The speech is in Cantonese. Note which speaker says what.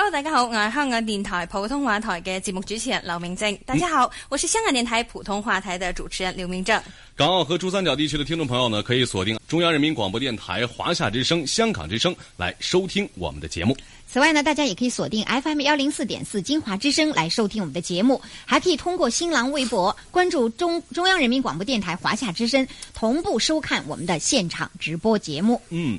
Speaker 1: Hello，大家好，我係香港電台普通話台嘅節目主持人劉明正。大家好，嗯、我是香港電台普通話台嘅主持人劉明正。
Speaker 2: 港澳和珠三角地區的聽眾朋友呢，可以鎖定中央人民廣播電台華夏之聲、香港之聲來收聽我們的節目。
Speaker 3: 此外呢，大家也可以鎖定 FM 幺零四點四金華之聲來收聽我們的節目，還可以通過新浪微博關注中中央人民廣播電台華夏之聲，同步收看我們的現場直播節目。嗯。